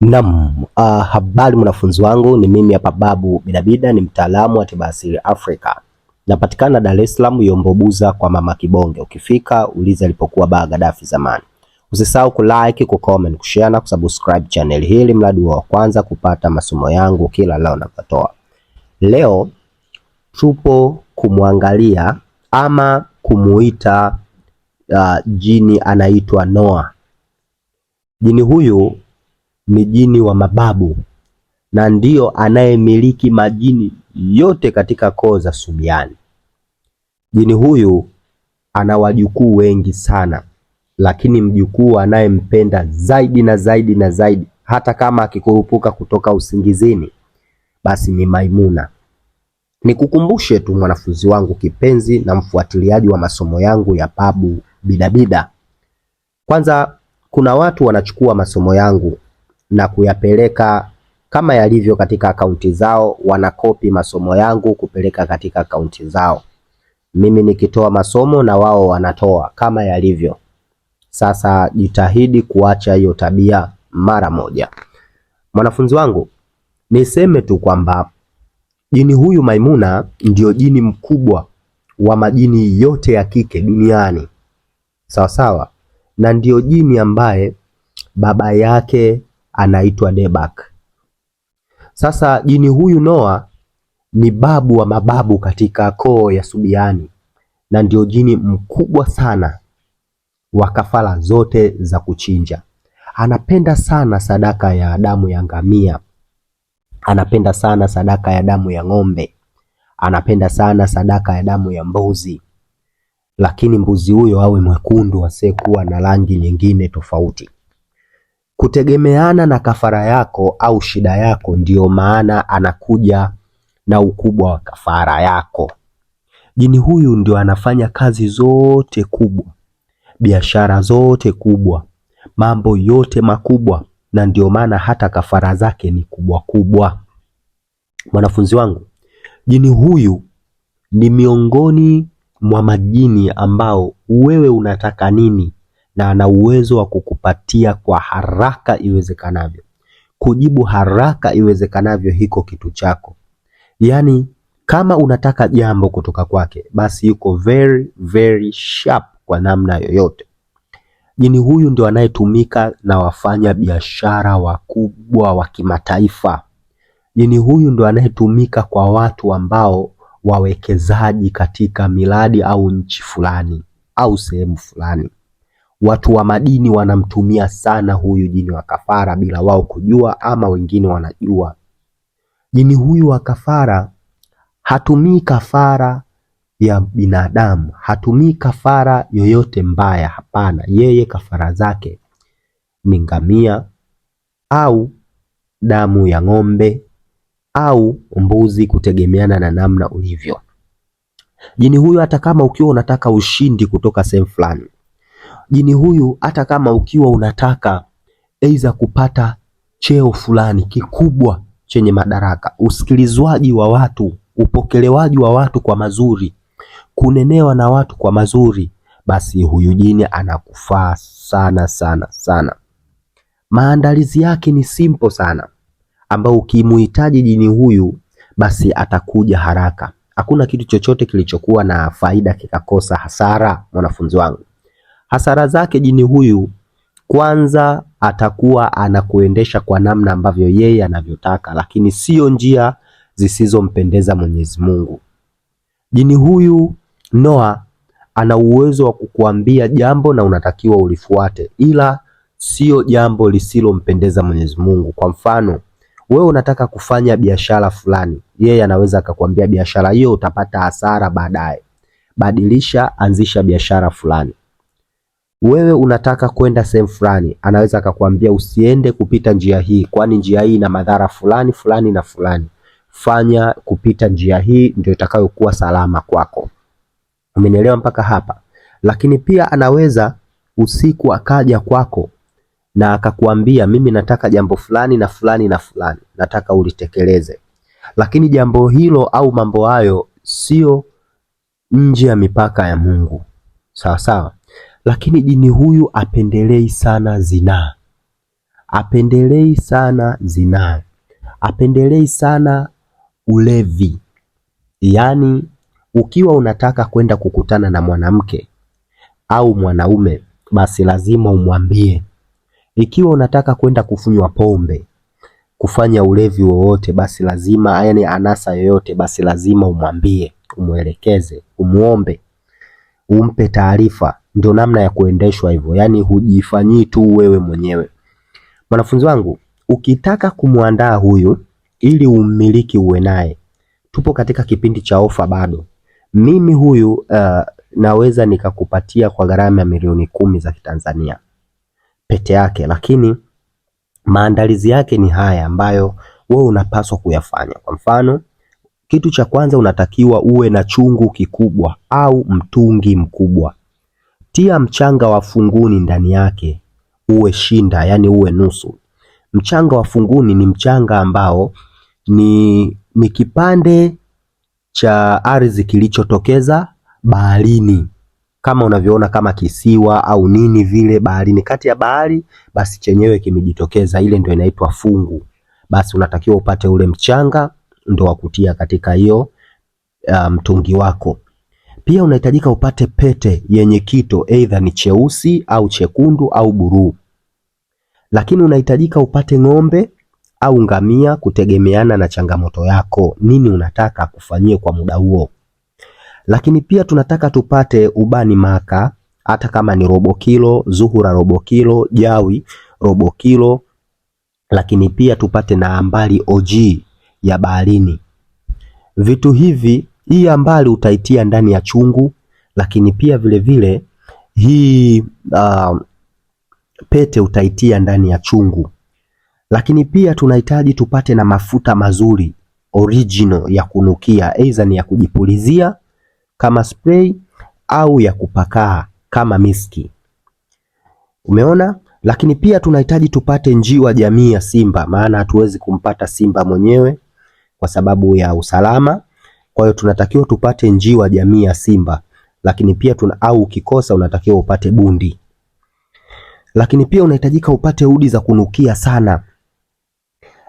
Naam, uh, habari mwanafunzi wangu, ni mimi hapa Babu Bidabida, ni mtaalamu wa tiba asili Afrika. Napatikana Dar es Salaam, Yombobuza kwa Mama Kibonge. Ukifika uliza alipokuwa baa Gaddafi zamani. Usisahau comment, ku share na kusubscribe channel hili, mradi wa kwanza kupata masomo yangu kila leo napotoa. Leo tupo kumwangalia ama kumuita uh, jini anaitwa Noah. Jini huyu mijini wa mababu na ndiyo anayemiliki majini yote katika koo za Subiani. Jini huyu ana wajukuu wengi sana, lakini mjukuu anayempenda zaidi na zaidi na zaidi, hata kama akikurupuka kutoka usingizini, basi ni Maimuna. Nikukumbushe tu mwanafunzi wangu kipenzi na mfuatiliaji wa masomo yangu ya Babu Bidabida. Kwanza, kuna watu wanachukua masomo yangu na kuyapeleka kama yalivyo katika akaunti zao, wanakopi masomo yangu kupeleka katika akaunti zao, mimi nikitoa masomo na wao wanatoa kama yalivyo. Sasa jitahidi kuacha hiyo tabia mara moja. Mwanafunzi wangu, niseme tu kwamba jini huyu Maimuna ndio jini mkubwa wa majini yote ya kike duniani, sawa sawa, na ndio jini ambaye baba yake anaitwa Debak. Sasa jini huyu Noa ni babu wa mababu katika koo ya Subiani na ndio jini mkubwa sana wa kafara zote za kuchinja. Anapenda sana sadaka ya damu ya ngamia, anapenda sana sadaka ya damu ya ng'ombe, anapenda sana sadaka ya damu ya mbuzi, lakini mbuzi huyo awe mwekundu, asiyekuwa na rangi nyingine tofauti kutegemeana na kafara yako au shida yako, ndiyo maana anakuja na ukubwa wa kafara yako. Jini huyu ndio anafanya kazi zote kubwa, biashara zote kubwa, mambo yote makubwa, na ndio maana hata kafara zake ni kubwa kubwa. Mwanafunzi wangu, jini huyu ni miongoni mwa majini ambao wewe unataka nini na ana uwezo wa kukupatia kwa haraka iwezekanavyo, kujibu haraka iwezekanavyo hiko kitu chako. Yaani kama unataka jambo kutoka kwake, basi yuko very very sharp kwa namna yoyote. Jini yaani huyu ndio anayetumika na wafanya biashara wakubwa wa kimataifa. Jini yaani huyu ndio anayetumika kwa watu ambao wawekezaji katika miradi au nchi fulani au sehemu fulani watu wa madini wanamtumia sana huyu jini wa kafara bila wao kujua, ama wengine wanajua. Jini huyu wa kafara hatumii kafara ya binadamu, hatumii kafara yoyote mbaya. Hapana, yeye kafara zake ni ngamia au damu ya ng'ombe au mbuzi, kutegemeana na namna ulivyo jini huyu. Hata kama ukiwa unataka ushindi kutoka sehemu fulani jini huyu, hata kama ukiwa unataka aidha kupata cheo fulani kikubwa chenye madaraka, usikilizwaji wa watu, upokelewaji wa watu kwa mazuri, kunenewa na watu kwa mazuri, basi huyu jini anakufaa sana sana sana. Maandalizi yake ni simple sana, ambayo ukimuhitaji jini huyu basi atakuja haraka. Hakuna kitu chochote kilichokuwa na faida kikakosa hasara, mwanafunzi wangu. Hasara zake jini huyu, kwanza atakuwa anakuendesha kwa namna ambavyo yeye anavyotaka, lakini siyo njia zisizompendeza Mwenyezi Mungu. Jini huyu noa ana uwezo wa kukuambia jambo na unatakiwa ulifuate, ila siyo jambo lisilompendeza Mwenyezi Mungu. Kwa mfano, wewe unataka kufanya biashara fulani, yeye anaweza akakwambia biashara hiyo utapata hasara baadaye, badilisha, anzisha biashara fulani wewe unataka kwenda sehemu fulani, anaweza akakwambia usiende kupita njia hii, kwani njia hii ina madhara fulani fulani na fulani, fanya kupita njia hii ndio itakayokuwa salama kwako. Umenielewa mpaka hapa? Lakini pia anaweza usiku akaja kwako na akakwambia, mimi nataka jambo fulani na fulani na fulani, nataka ulitekeleze, lakini jambo hilo au mambo hayo sio nje ya mipaka ya Mungu, sawa sawa. Lakini jini huyu apendelei sana zinaa, apendelei sana zinaa, apendelei sana ulevi. Yaani ukiwa unataka kwenda kukutana na mwanamke au mwanaume, basi lazima umwambie. Ikiwa unataka kwenda kufunywa pombe, kufanya ulevi wowote, basi lazima yaani anasa yoyote, basi lazima umwambie, umwelekeze, umuombe, umpe taarifa ndio namna ya kuendeshwa hivyo, yaani hujifanyii tu wewe mwenyewe. Mwanafunzi wangu, ukitaka kumwandaa huyu ili ummiliki uwe naye, tupo katika kipindi cha ofa bado. Mimi huyu uh, naweza nikakupatia kwa gharama ya milioni kumi za Kitanzania pete yake, lakini maandalizi yake ni haya ambayo wewe unapaswa kuyafanya. Kwa mfano, kitu cha kwanza unatakiwa uwe na chungu kikubwa au mtungi mkubwa tia mchanga wa funguni ndani yake uwe shinda, yani uwe nusu. Mchanga wa funguni ni mchanga ambao ni, ni kipande cha ardhi kilichotokeza baharini kama unavyoona kama kisiwa au nini vile baharini, kati ya bahari, basi chenyewe kimejitokeza, ile ndio inaitwa fungu. Basi unatakiwa upate ule mchanga ndo wa kutia katika hiyo uh, mtungi um, wako. Pia unahitajika upate pete yenye kito, aidha ni cheusi au chekundu au buruu. Lakini unahitajika upate ng'ombe au ngamia, kutegemeana na changamoto yako, nini unataka kufanyie kwa muda huo. Lakini pia tunataka tupate ubani maka, hata kama ni robo kilo, zuhura robo kilo, jawi robo kilo, lakini pia tupate na ambali OG ya baharini. Vitu hivi hii ya mbali utaitia ndani ya chungu, lakini pia vile vile hii uh, pete utaitia ndani ya chungu, lakini pia tunahitaji tupate na mafuta mazuri original ya kunukia, aidha ni ya kujipulizia kama spray au ya kupakaa kama miski. Umeona? Lakini pia tunahitaji tupate njiwa jamii ya simba, maana hatuwezi kumpata simba mwenyewe kwa sababu ya usalama. Kwa hiyo tunatakiwa tupate njiwa jamii ya simba, lakini pia tuna au ukikosa unatakiwa upate bundi, lakini pia unahitajika upate udi za kunukia sana,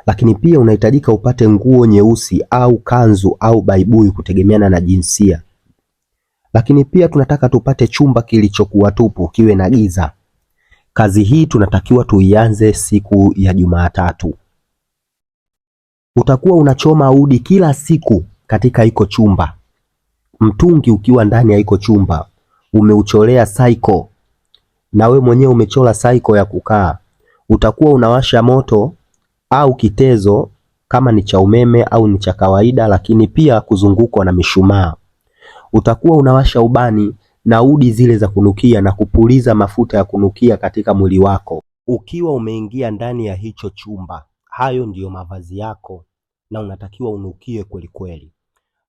lakini pia unahitajika upate nguo nyeusi au kanzu au baibui kutegemeana na jinsia, lakini pia tunataka tupate chumba kilichokuwa tupu, kiwe na giza. Kazi hii tunatakiwa tuianze siku ya Jumatatu. Utakuwa unachoma udi kila siku katika iko chumba, mtungi ukiwa ndani ya iko chumba umeucholea saiko, na we mwenyewe umechola saiko ya kukaa, utakuwa unawasha moto au kitezo kama ni cha umeme au ni cha kawaida, lakini pia kuzungukwa na mishumaa. Utakuwa unawasha ubani na udi zile za kunukia na kupuliza mafuta ya kunukia katika mwili wako ukiwa umeingia ndani ya hicho chumba. Hayo ndiyo mavazi yako na unatakiwa unukie kwelikweli.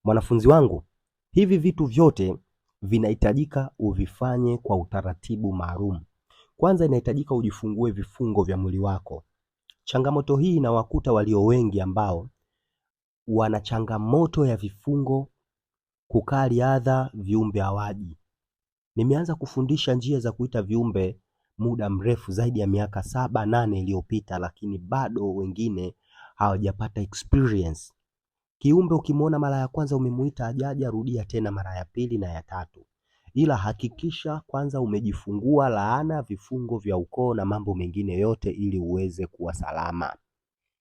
Mwanafunzi wangu, hivi vitu vyote vinahitajika uvifanye kwa utaratibu maalum. Kwanza inahitajika ujifungue vifungo vya mwili wako. Changamoto hii inawakuta walio wengi ambao wana changamoto ya vifungo kukaa riadha, viumbe hawaji. Nimeanza kufundisha njia za kuita viumbe muda mrefu zaidi ya miaka saba nane iliyopita, lakini bado wengine hawajapata experience Kiumbe ukimwona mara ya kwanza umemuita ajaja, rudia tena mara ya pili na ya tatu, ila hakikisha kwanza umejifungua laana, vifungo vya ukoo na mambo mengine yote, ili uweze kuwa salama.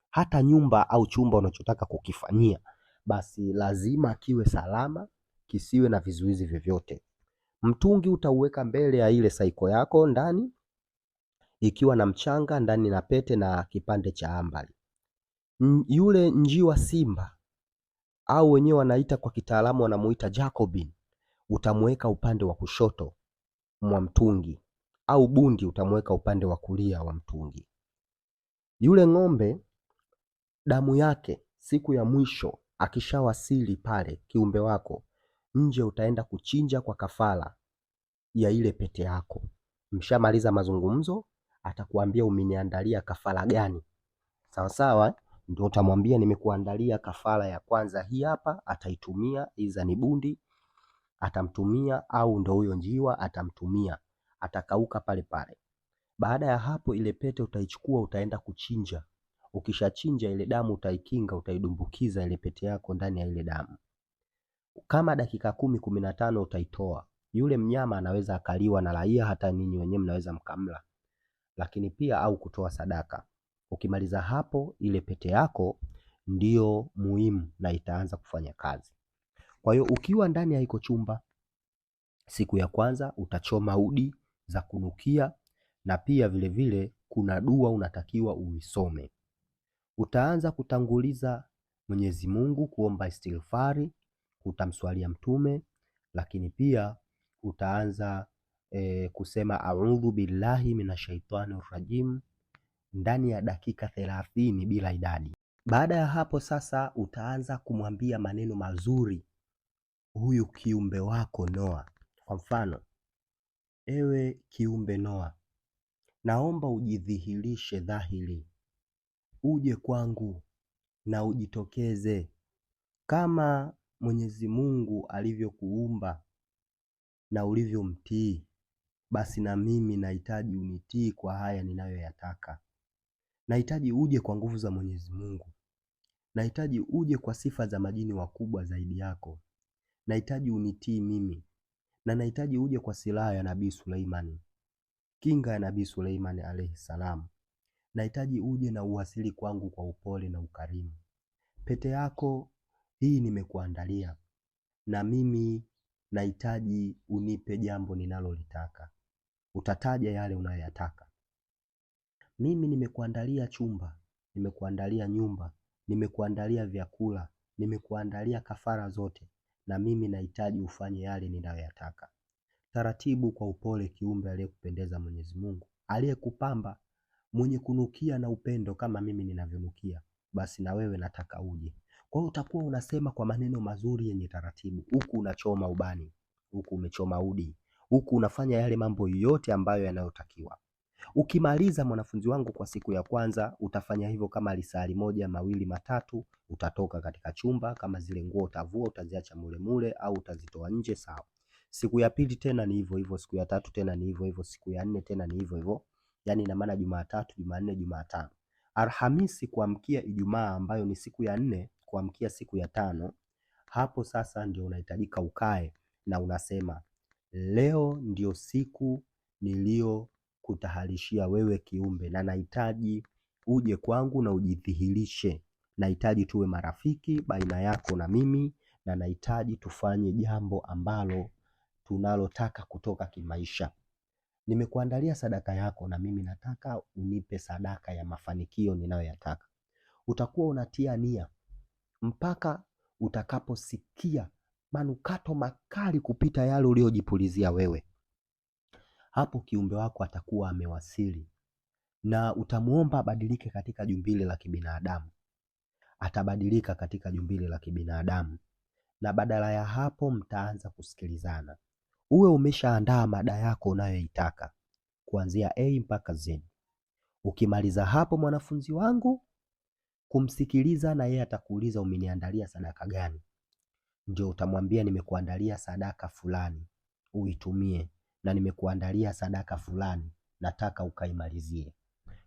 Hata nyumba au chumba unachotaka kukifanyia, basi lazima kiwe salama, kisiwe na vizuizi vyovyote. Mtungi utauweka mbele ya ile saiko yako ndani, ikiwa na mchanga ndani na pete na kipande cha ambali. Yule njiwa simba au wenyewe wanaita kwa kitaalamu wanamuita Jacobin, utamweka upande wa kushoto mwa mtungi au bundi utamweka upande wa kulia wa mtungi. Yule ng'ombe damu yake siku ya mwisho akishawasili pale, kiumbe wako nje, utaenda kuchinja kwa kafara ya ile pete yako. Mshamaliza mazungumzo, atakuambia umeniandalia kafara gani? Sawa sawa ndio utamwambia nimekuandalia kafara ya kwanza hii hapa, ataitumia iza ni bundi atamtumia au ndo huyo njiwa atamtumia, atakauka pale pale. Baada ya hapo, ile pete utaichukua utaenda kuchinja. Ukishachinja ile damu utaikinga, utaidumbukiza ile pete yako ndani ya ile damu. Kama dakika kumi kumi na tano utaitoa. Yule mnyama anaweza akaliwa na raia, hata ninyi wenyewe mnaweza mkamla, lakini pia au kutoa sadaka. Ukimaliza hapo, ile pete yako ndio muhimu na itaanza kufanya kazi. Kwa hiyo ukiwa ndani ya hiko chumba, siku ya kwanza utachoma udi za kunukia, na pia vile vile kuna dua unatakiwa uisome. Utaanza kutanguliza Mwenyezi Mungu kuomba istighfari, utamswalia Mtume, lakini pia utaanza e, kusema audhu billahi minashaitani rajim ndani ya dakika thelathini bila idadi. Baada ya hapo sasa, utaanza kumwambia maneno mazuri huyu kiumbe wako Noa. Kwa mfano, ewe kiumbe Noa, naomba ujidhihirishe dhahiri, uje kwangu na ujitokeze kama Mwenyezi Mungu alivyokuumba na ulivyomtii, basi na mimi nahitaji unitii kwa haya ninayoyataka. Nahitaji uje kwa nguvu za Mwenyezi Mungu. Nahitaji uje kwa sifa za majini wakubwa zaidi yako. Nahitaji unitii mimi na nahitaji uje kwa silaha ya Nabii Suleimani, kinga ya Nabii Suleimani alayhi salam. Nahitaji uje na uwasili kwangu kwa upole na ukarimu. Pete yako hii nimekuandalia, na mimi nahitaji unipe jambo ninalolitaka. Utataja yale unayoyataka. Mimi nimekuandalia chumba, nimekuandalia nyumba, nimekuandalia vyakula, nimekuandalia kafara zote na mimi nahitaji ufanye yale ninayoyataka. Taratibu kwa upole kiumbe aliyekupendeza Mwenyezi Mungu, aliyekupamba mwenye kunukia na upendo kama mimi ninavyonukia, basi na wewe nataka uje. Kwa hiyo utakuwa unasema kwa maneno mazuri yenye taratibu, huku unachoma ubani, huku umechoma udi, huku unafanya yale mambo yote ambayo yanayotakiwa. Ukimaliza mwanafunzi wangu kwa siku ya kwanza, utafanya hivyo kama lisali moja mawili matatu, utatoka katika chumba. Kama zile nguo utavua utaziacha mule mule au utazitoa nje, sawa. Siku ya pili tena ni hivyo hivyo, siku ya tatu tena ni hivyo hivyo, siku ya nne tena ni hivyo hivyo. Yani ina maana Jumatatu, Jumanne, Jumatano, Alhamisi kuamkia Ijumaa ambayo ni siku ya nne kuamkia siku ya tano, hapo sasa ndio unahitajika ukae na unasema leo ndio siku niliyo kutahalishia wewe kiumbe, na nahitaji uje kwangu na ujidhihirishe. Nahitaji tuwe marafiki baina yako na mimi, na nahitaji tufanye jambo ambalo tunalotaka kutoka kimaisha. Nimekuandalia sadaka yako, na mimi nataka unipe sadaka ya mafanikio ninayoyataka. Utakuwa unatia nia mpaka utakaposikia manukato makali kupita yale uliyojipulizia wewe hapo kiumbe wako atakuwa amewasili, na utamuomba abadilike katika jumbile la kibinadamu, atabadilika katika jumbile la kibinadamu, na badala ya hapo mtaanza kusikilizana. Uwe umeshaandaa mada yako unayoitaka kuanzia A mpaka Z. Ukimaliza hapo, mwanafunzi wangu, kumsikiliza na yeye atakuuliza umeniandalia sadaka gani? Ndio utamwambia nimekuandalia sadaka fulani, uitumie na nimekuandalia sadaka fulani, nataka ukaimalizie.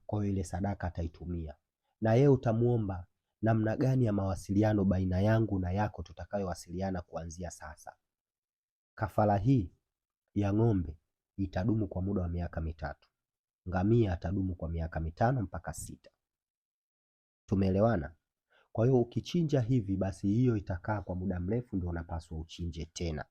Kwa hiyo ile sadaka ataitumia, na yeye utamuomba namna gani ya mawasiliano baina yangu na yako tutakayowasiliana kuanzia sasa. Kafara hii ya ng'ombe itadumu kwa muda wa miaka mitatu, ngamia atadumu kwa miaka mitano mpaka sita. Tumeelewana? Kwa hiyo ukichinja hivi, basi hiyo itakaa kwa muda mrefu, ndio unapaswa uchinje tena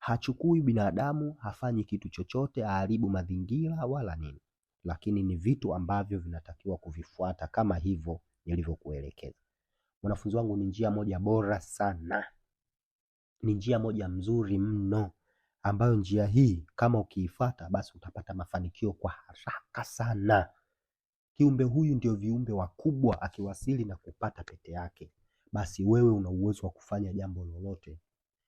hachukui binadamu, hafanyi kitu chochote, haharibu mazingira wala nini, lakini ni vitu ambavyo vinatakiwa kuvifuata kama hivyo nilivyokuelekeza. Mwanafunzi wangu, ni njia moja bora sana, ni njia moja mzuri mno, ambayo njia hii kama ukiifata, basi utapata mafanikio kwa haraka sana. Kiumbe huyu ndio viumbe wakubwa, akiwasili na kupata pete yake, basi wewe una uwezo wa kufanya jambo lolote,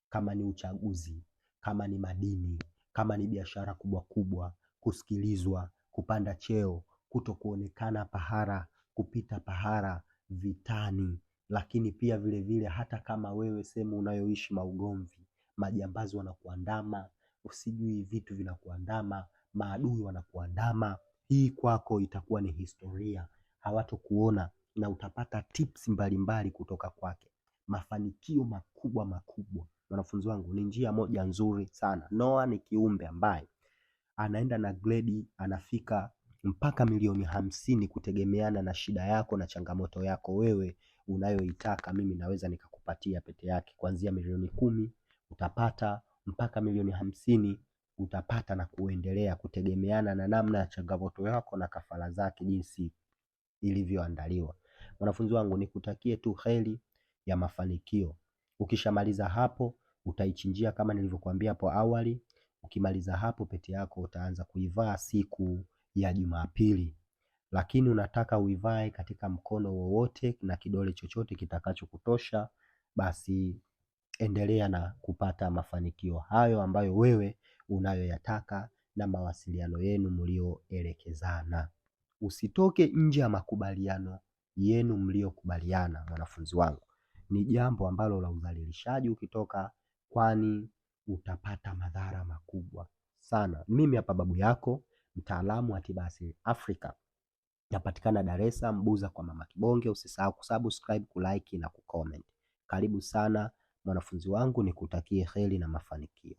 kama ni uchaguzi, kama ni madini, kama ni biashara kubwa kubwa, kusikilizwa, kupanda cheo, kuto kuonekana pahara kupita pahara vitani. Lakini pia vilevile hata kama wewe sehemu unayoishi maugomvi, majambazi wanakuandama, usijui vitu vinakuandama, maadui wanakuandama. Hii kwako itakuwa ni historia, hawatokuona na utapata tips mbalimbali mbali kutoka kwake, mafanikio makubwa makubwa wanafunzi wangu, ni njia moja nzuri sana. noa ni kiumbe ambaye anaenda na gredi anafika mpaka milioni hamsini kutegemeana na shida yako na changamoto yako wewe unayoitaka. Mimi naweza nikakupatia pete yake kuanzia milioni kumi utapata mpaka milioni hamsini utapata na kuendelea, kutegemeana na namna ya changamoto yako na kafara zake jinsi ilivyoandaliwa. Mwanafunzi wangu, nikutakie tu heri ya mafanikio. Ukishamaliza hapo utaichinjia kama nilivyokuambia hapo awali. Ukimaliza hapo, pete yako utaanza kuivaa siku ya Jumapili, lakini unataka uivae katika mkono wowote na kidole chochote kitakachokutosha, basi endelea na kupata mafanikio hayo ambayo wewe unayoyataka na mawasiliano yenu mlioelekezana. Usitoke nje ya makubaliano yenu mliokubaliana. Mwanafunzi wangu, ni jambo ambalo la udhalilishaji ukitoka kwani utapata madhara makubwa sana. Mimi hapa babu yako mtaalamu wa tiba asili Afrika, napatikana Dar es Salaam Buza kwa Mama Kibonge. Usisahau kusubscribe, kulike na kucomment. Karibu sana mwanafunzi wangu, nikutakie heri na mafanikio.